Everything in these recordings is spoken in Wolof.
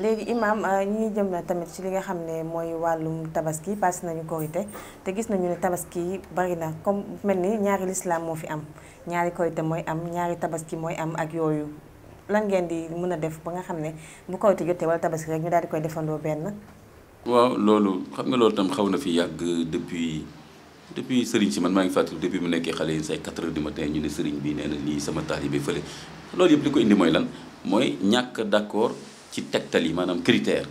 léegi imam euh, ñi jëm na tamit ci li nga xam ne mooy wàllum tabaski passé nañu korité te gis nañu ne tabaski yi bari na comme mel ni ñaari lislaam moo fi am ñaari korité mooy am ñaari tabaski mooy am ak yooyu lan ngeen di mën a def ba nga xam ne bu korité jotee wala tabaski rek ñu daal di koy defandoo benn. waaw loolu xam nga loolu tam xaw na fi yàgg depuis depuis Serigne si man maa ngi fàttali depuis mu nekkee xale yi say 4 heures matin ñu ne Serigne bi nee na lii sama li mooy lan mooy ñàkk d'accord. ci tegtal yi maanaam critère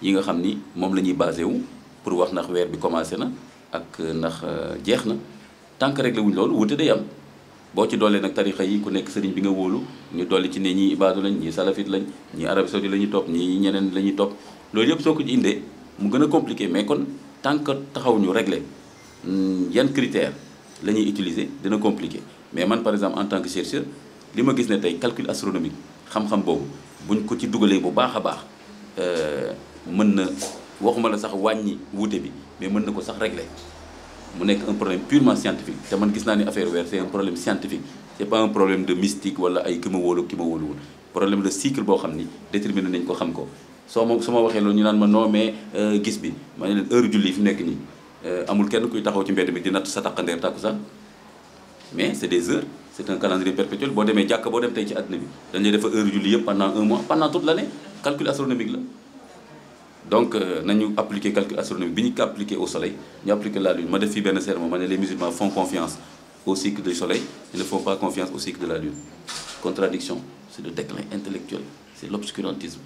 yi nga xam ni moom la ñuy basé wu pour wax ndax weer bi commencé na ak euh, ndax euh, jeex na tant que loolu wute day am boo ci doolee nag tarixa yi ku nekk sëriñ bi nga wóolu ñu dolli ci ne ñii ibaadu lañ ñii salafit lañ ñii arabi saudi la ñuy topp ñii ñeneen la ñuy topp loolu yëpp soo ko ci indee mu gën a compliqué mais kon tant taxawuñu taxaw ñu réglé hmm, yan critère la ñuy utiliser dina compliqué mais man par exemple en tant que chercheur li ma gis ne tey calcul astronomique xam-xam boobu buñ ko ci dugalee bu baax a baax euh, mën na waxuma la sax wàññi wuute bi mais mën na ko sax régler mu nekk un problème purement scientifique te man gis naa ni affaire weer c'est un problème scientifique c'est pas un problème de mystique wala ay ki ma wóolu ki ma wóoluwul problème de cycle boo xam ni déterminé nañ ko xam ko soo ma su ma waxee loolu ñu naan ma non mais euh, gis bi ma ne leen heure julli fi mu nekk nii euh, amul kenn kuy taxaw ci mbedd mi di natt sa taqandeer tàkku sax mais c'est des heures c'est un calendrier perpétuel boo demee jàkk boo dem tey ci àddina bi dañuy defa heure julli yëpp pendant un mois pendant toute l'année calcul astronomique la donc euh, nañu appliquer calcul astronomique bi ñu ko appliquer au soleil ñu appliquer la lune ma def fii benn sermon ma ne les musulmans font confiance au cycle du soleil ils ne font pas confiance au cycle de la lune contradiction c'est le déclin intellectuel c'est l'obscurantisme